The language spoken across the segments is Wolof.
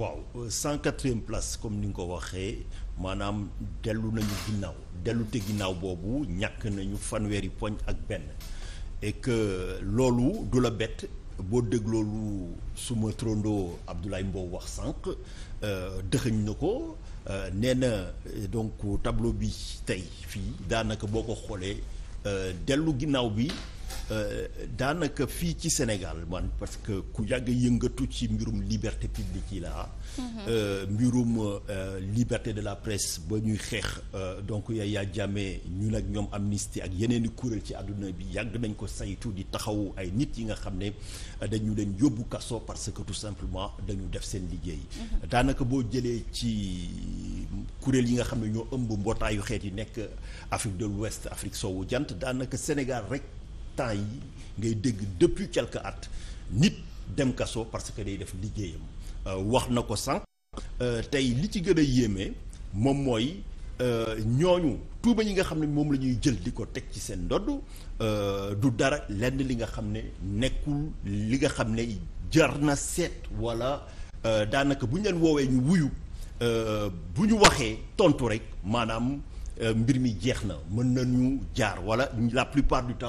waaw 104e euh, place comme ni nga ko waxee maanaam dellu nañu ginnaaw dellu te ginnaaw boobu ñàkk nañu fanweeri poñ ak benn et que loolu du la bett boo dégloo lu suma trondo Abdoulaye boobu wax sànq euh, dëxëñ na ko euh, nee na donc tableau bi tey fii daanaka boo ko xoolee dellu ginnaaw bi. Euh, daanaka fii ci Sénégal man parce que ku yàgg yëngatu ci mbirum liberté publique yi la ah. mhm. euh, mbirum euh, liberté de la presse ba ñuy xeex donc Yaya Jammeh ñu ak ñoom Amnesty ak yeneen i kuréel ci àdduna bi yàgg nañ ko saytu di taxawu ay nit yi nga xam ne dañu leen yóbbu kaso parce que tout simplement dañu def seen liggéey mhm. daanaka boo jëlee ci kuréel yi nga xam ne ñoo ëmb mbootaayu xeet yi nekk Afrique de l'Ouest Afrique soowu jant daanaka Sénégal rek temps yi ngay dégg depuis quelques at nit dem kaso parce que day def liggéeyam euh, wax na ko sànq euh, tey li ci gën a yéeme moom mooy euh, ñooñu tuuba yi nga xam ne moom la ñuy jël di ko teg ci seen ndodd du dara lenn li nga xam ne nekkul li nga xam ne jar na seet wala daanaka bu ñu leen woowee ñu wuyu bu ñu waxee tontu rek maanaam mbir mi jeex na mën nañu jaar wala la plupart du temps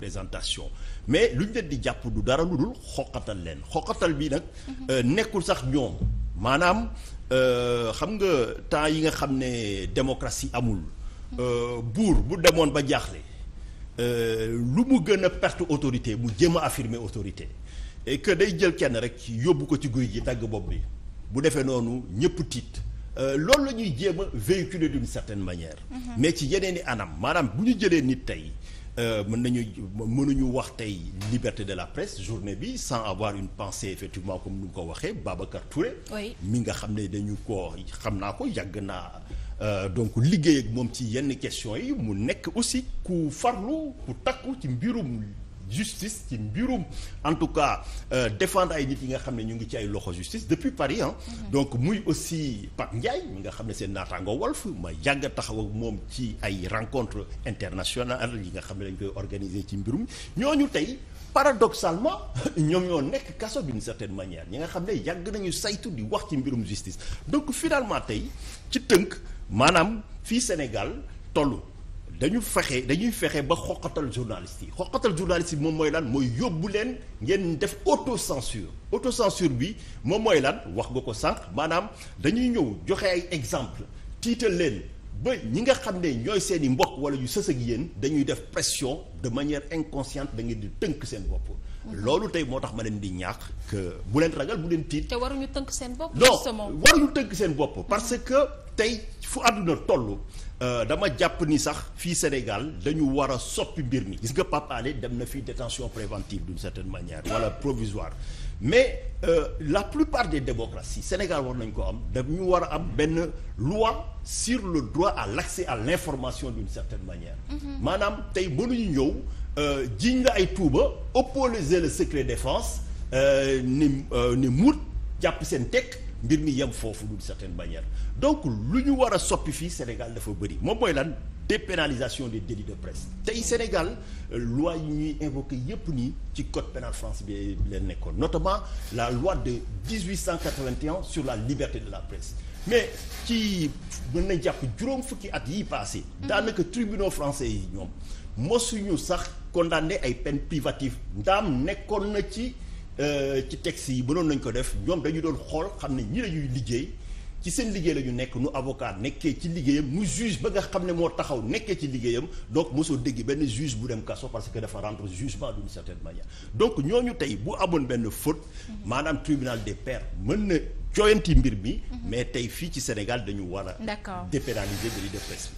présentation mais lu ñu leen di jàpp du dara lu dul xoqatal leen xoqatal bi nag mhm. euh, nekkul sax ñoom maanaam euh, xam nga temps yi nga xam ne démocratie amul mhm. euh, buur bu demoon ba jaaxle lu mu gën a perte autorité mu jéem a affirmer autorité et que day jël kenn rek yóbbu ko ci guy gi dagg bopp bi bu defee noonu ñëpp tiit loolu la ñuy jéem a véhiculer d'une certaine manière mhm. mais ci yeneen i anam maanaam bu ñu jëlee nit tey Euh, mën nañu mënuñu wax tey liberté de la presse journée bi sans avoir une pensée effectivement comme nu ko waxee Babacar Touré. mi nga xam ne dañu ko xam naa ko yàgg naa. Euh, donc liggéey ak moom ci yenn question yi mu nekk aussi ku farlu ku takku ci mbirum justice ci mbirum en tout cas euh, défendre ay nit yi nga xam ne ñu ngi ci ay loxo justice depuis Paris ah. donc muy aussi Pape Ndiaye mi nga xam ne seen naataango Walf ma yàgg a taxaw ak moom ci ay rencontre internationale yi nga xam ne dañ koy organiser ci mbirum ñooñu tey. paradoxalement ñoom ñoo nekk kaso d'une certaine manière ñi nga xam ne yàgg nañu saytu di wax ci mbirum justice donc finalement tey ci tënk maanaam fii Sénégal tollu dañu fexe dañuy fexe ba xoqatal journaliste yi xoqatal journaliste bi moom mooy lan mooy yóbbu leen ngeen def autocensure autocensure bi moom mooy lan wax nga ko sànq maanaam dañuy ñëw joxe ay exemple tiital leen ba ñi nga xam ne ñooy seen i mbokk wala yu sës ak yéen dañuy def pression de manière inconsciente da ngeen di tënk seen bopp. loolu tey moo tax ma leen di ñaax. bu leen ragal bu leen tiit. te war waruñu tënk seen bopp. non waruñu tënk seen bopp parce que tey fu àdduna toll. Euh, dama jàpp ni sax fii Sénégal dañu war a soppi mbir mi. gis nga Pape Alé dem na fii détention préventive d'une certaine manière wala provisoire mais euh, la plupart des démocraties Sénégal war nañ ko am dañu war a am benn loi sur le droit à l'accès à l'information d'une certaine ñëw euh, jiñ la ay tuuba opposer le secret défense euh, ni euh, ni muut jàpp seen tekk mbir mi yem foofu d'une certaine manière donc lu ñu war a soppi fii Sénégal dafa bëri moom mooy lan dépénalisation des délits de presse tey Sénégal loi yi ñuy invoqué yépp nii ci code pénal France bi leen nekkoon notamment la loi de 1881 sur la liberté de la presse mais ci mën na jàpp juróom fukki at yi passé mhm. daanaka tribunaux francais yi ñoom mosuñu sax condamné ay peines privatives ndaam nekkoon na ci euh, ci texte yi mënoon nañ ko def ñoom dañu doon xool xam ne ñi la ñuy liggéey ci seen liggéey la ñu nekk nu avocat nekkee ci liggéeyam nu juge ba nga xam ne moo taxaw nekkee ci liggéeyam donc mosoo dégg benn juge bu dem kaso parce que dafa rendre jugement d'une certaine manière donc ñooñu tey bu amoon benn faute maanaam tribunal des pairs mën na jooyanti mbir mi mhm. mais tey fii ci Sénégal dañu war a dépénaliser ba ñu def